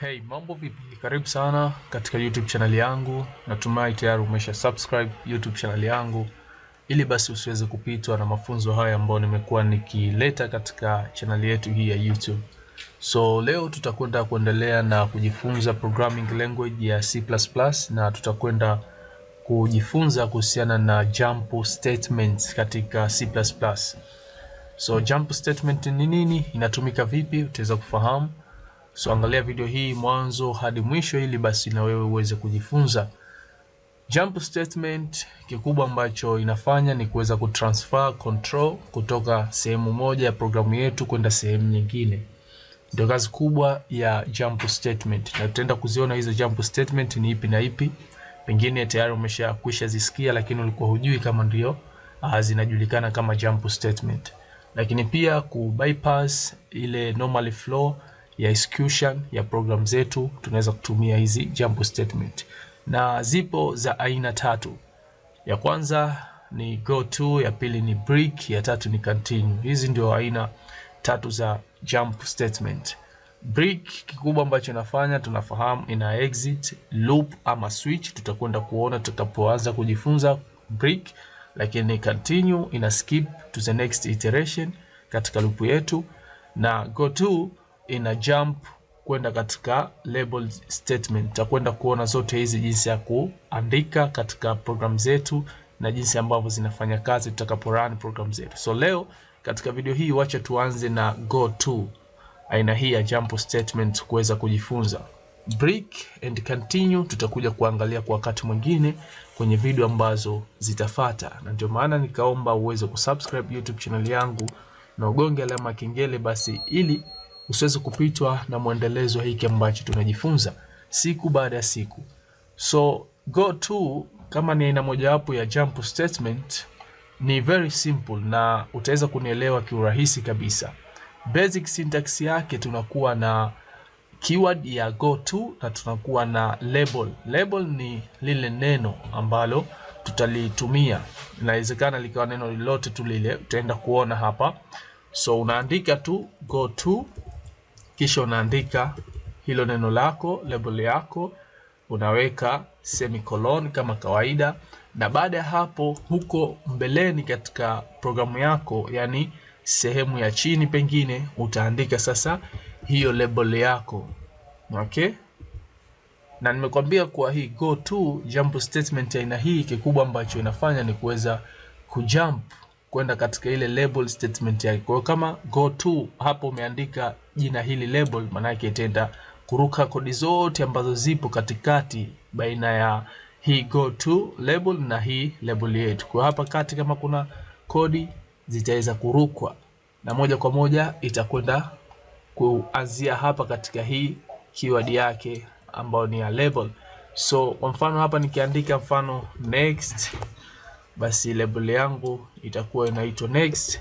Hey, mambo vipi? Karibu sana katika YouTube channel yangu. Natumai tayari umesha subscribe YouTube channel yangu ili basi usiweze kupitwa na mafunzo haya ambayo nimekuwa nikileta katika channel yetu hii ya YouTube. So leo tutakwenda kuendelea na kujifunza programming language ya C++ na tutakwenda kujifunza kuhusiana na jump statements katika C++. So jump statement ni nini? Inatumika vipi? Utaweza kufahamu So angalia video hii mwanzo hadi mwisho ili basi na wewe uweze kujifunza. Jump statement kikubwa ambacho inafanya ni kuweza kutransfer control kutoka sehemu moja ya programu yetu kwenda sehemu nyingine. Ndio kazi kubwa ya jump statement, na tutaenda kuziona hizo jump statement ni ipi na ipi. Pengine tayari umeshakwisha zisikia, lakini ulikuwa hujui kama ndio ah, zinajulikana kama jump statement, lakini pia ku bypass ile normal flow ya execution ya program zetu tunaweza kutumia hizi jump statement, na zipo za aina tatu. Ya kwanza ni go to, ya pili ni break, ya tatu ni continue. Hizi ndio aina tatu za jump statement. Break kikubwa ambacho inafanya tunafahamu ina exit, loop ama switch, tutakwenda kuona tutakapoanza kujifunza break, lakini continue ina skip to the next iteration katika loop yetu na go to ina jump kwenda katika label statement. Takwenda kuona zote hizi jinsi ya kuandika katika program zetu na jinsi ambavyo zinafanya kazi tutakapo run program zetu. So leo katika video hii wacha tuanze na go to, aina hii ya jump statement kuweza kujifunza. Break and continue tutakuja kuangalia kwa wakati mwingine kwenye video ambazo zitafata, na ndio maana nikaomba uweze kusubscribe YouTube channel yangu na ugonge alama kengele basi ili usiweze kupitwa na mwendelezo hiki ambacho tunajifunza siku baada ya siku. So go to kama ni aina mojawapo ya jump statement ni very simple na utaweza kunielewa kiurahisi kabisa. Basic syntax yake tunakuwa na keyword ya go to na tunakuwa na label. Label ni lile neno ambalo tutalitumia, inawezekana likawa neno lolote tu lile, utaenda kuona hapa. So unaandika tu go to kisha unaandika hilo neno lako, label yako, unaweka semicolon kama kawaida, na baada ya hapo, huko mbeleni katika programu yako, yani sehemu ya chini pengine, utaandika sasa hiyo label yako okay. Na nimekwambia kuwa hii go to jump statement aina hii, kikubwa ambacho inafanya ni kuweza kujump kwenda katika ile label statement yake. Kwa hiyo kama go to hapo umeandika jina hili label, maana yake itaenda kuruka kodi zote ambazo zipo katikati baina ya hii go to label na hii label yetu. Kwa hapa kati kama kuna kodi zitaweza kurukwa na moja kwa moja itakwenda kuanzia hapa katika hii keyword yake ambayo ni ya label. So kwa mfano hapa nikiandika mfano next basi label yangu itakuwa inaitwa next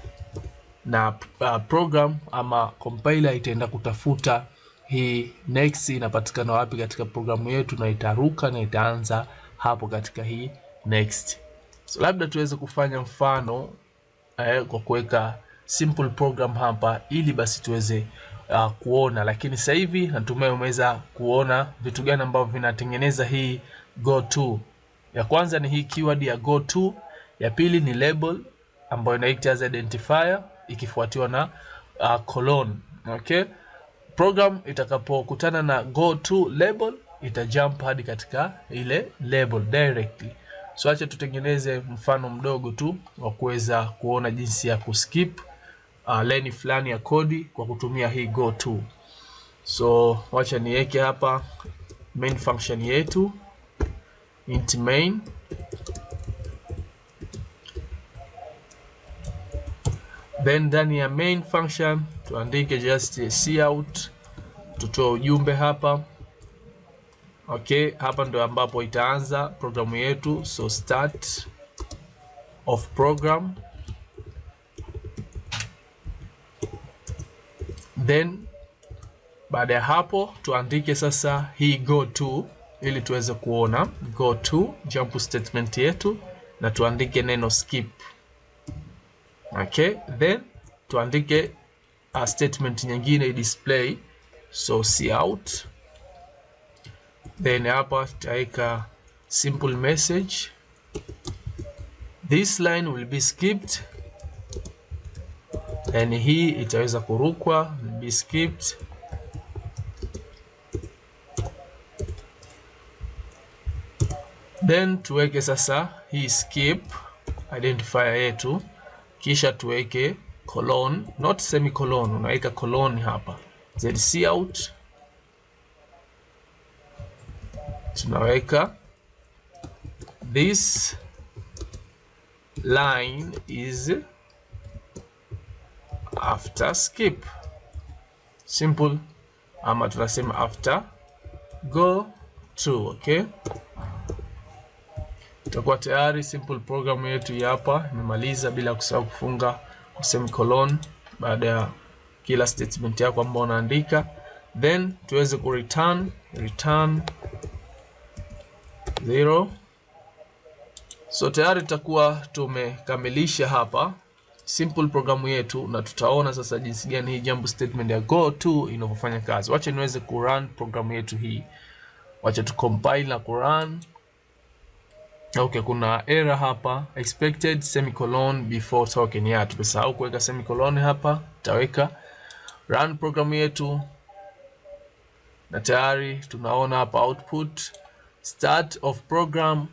na uh, program ama compiler itaenda kutafuta hii next inapatikana wapi katika programu yetu, na itaruka na itaanza hapo katika hii next. So labda tuweze kufanya mfano eh, kwa kuweka simple program hapa, ili basi tuweze uh, kuona. Lakini sasa hivi natumai umeweza kuona vitu gani ambavyo vinatengeneza hii go to. Ya kwanza ni hii keyword ya go to ya pili ni label ambayo ina as identifier ikifuatiwa na uh, colon. Okay? Program itakapokutana na go to label ita jump hadi katika ile label directly. So acha tutengeneze mfano mdogo tu wa kuweza kuona jinsi ya kuskip uh, line fulani ya kodi kwa kutumia hii go to. So wacha niweke hapa main function yetu int main Then ndani ya main function tuandike just cout, tutoe ujumbe hapa. Okay, hapa ndo ambapo itaanza programu yetu, so start of program then baada ya hapo tuandike sasa hii go to ili tuweze kuona go to jump statement yetu, na tuandike neno skip okay, then tuandike a statement nyingine display source out, then hapa tutaweka simple message this line will be skipped, then hii itaweza kurukwa will be skipped then tuweke sasa hii skip identifier yetu kisha tuweke colon, not semicolon, unaweka colon hapa zc out tunaweka this line is after skip simple, ama tunasema after go to. Okay itakuwa tayari simple program yetu hapa imemaliza bila kusahau kufunga kwa semicolon baada ya kila statement yako ambayo unaandika, then tuweze ku return return zero. So tayari tutakuwa tumekamilisha hapa simple programu yetu, na tutaona sasa jinsi gani hii jump statement ya go to inavyofanya kazi. Wacha niweze ku run programu yetu hii, wacha tu compile na ku run Okay, kuna error hapa expected semicolon before token. Yeah, tumesahau kuweka semicolon hapa, taweka run program yetu, na tayari tunaona hapa output start of program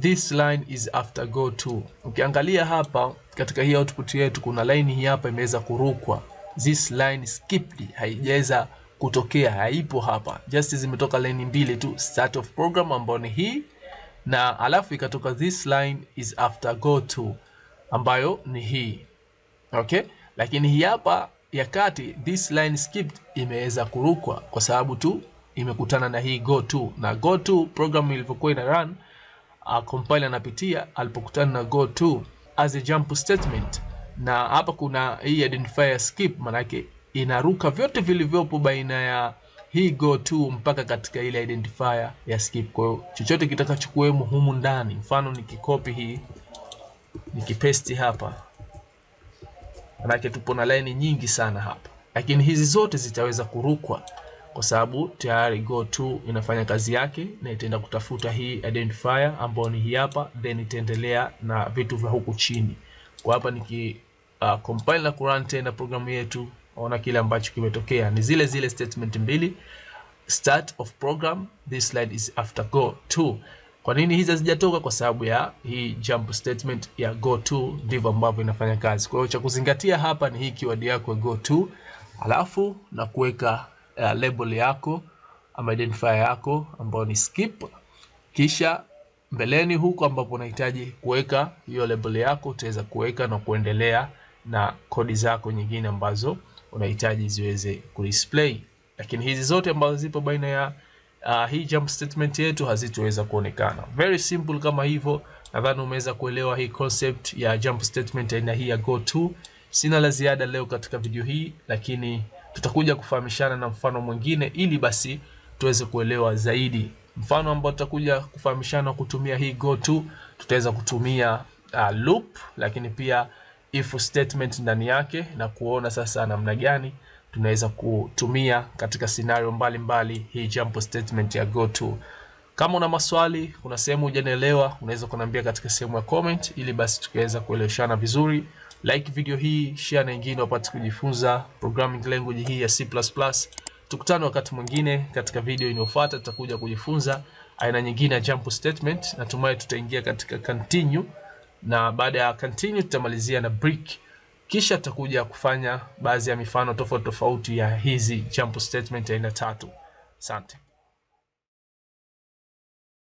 this line is after go to. Ukiangalia hapa katika hii output yetu kuna line hii hapa imeweza kurukwa, this line skipped, haijaweza kutokea, haipo hapa, just zimetoka line mbili tu, start of program ambayo ni hii na alafu ikatoka this line is after go to ambayo ni hii okay, lakini hii hapa ya kati this line skipped imeweza kurukwa kwa sababu tu imekutana na hii go to, na go to program ilivyokuwa ina run uh, compiler anapitia alipokutana na go to as a jump statement, na hapa kuna hii identifier skip, manake inaruka vyote vilivyopo baina ya hii go to mpaka katika ile identifier ya skip. Kwa hiyo chochote kitakachokuwemo humu ndani, mfano nikikopi hii nikipaste hapa, manake tupo na line nyingi sana hapa, lakini hizi zote zitaweza kurukwa kwa sababu tayari go to inafanya kazi yake na itaenda kutafuta hii identifier ambayo ni hii hapa, then itaendelea na vitu vya huku chini. Kwa hapa niki uh, compile na kurun tena programu yetu Ona kile ambacho kimetokea ni zile zile statement mbili, start of program, this slide is after go to. Kwa nini hizi hazijatoka? Kwa sababu ya hii jump statement ya go to, ndivyo ambavyo inafanya kazi. Kwa hiyo cha kuzingatia hapa ni hii keyword yako go to, alafu na kuweka uh, label yako ama identifier yako ambayo ni skip, kisha mbeleni huko ambapo unahitaji kuweka hiyo label yako utaweza kuweka na kuendelea na kodi zako nyingine ambazo unahitaji ziweze kudisplay, lakini hizi zote ambazo zipo baina ya uh, hii jump statement yetu hazitoweza kuonekana. Very simple kama hivyo. Nadhani umeweza kuelewa hii concept ya jump statement aina hii ya go to. Sina la ziada leo katika video hii, lakini tutakuja kufahamishana na mfano mwingine ili basi tuweze kuelewa zaidi. Mfano ambao tutakuja kufahamishana kutumia hii go to, tutaweza kutumia uh, loop, lakini pia if statement ndani yake na kuona sasa namna gani tunaweza kutumia katika scenario mbalimbali mbali, hii jump statement ya go to. Kama una maswali, kuna sehemu hujanielewa, unaweza kuniambia katika sehemu ya comment, ili basi tukaweza kueleweshana vizuri. Like video hii, share na wengine wapate kujifunza programming language hii ya C++. Tukutane wakati mwingine katika video inayofuata, tutakuja kujifunza aina nyingine ya jump statement. Natumai tutaingia katika continue na baada ya continue tutamalizia na break, kisha tutakuja kufanya baadhi ya mifano tofauti tofauti ya hizi jump statement aina tatu. Asante.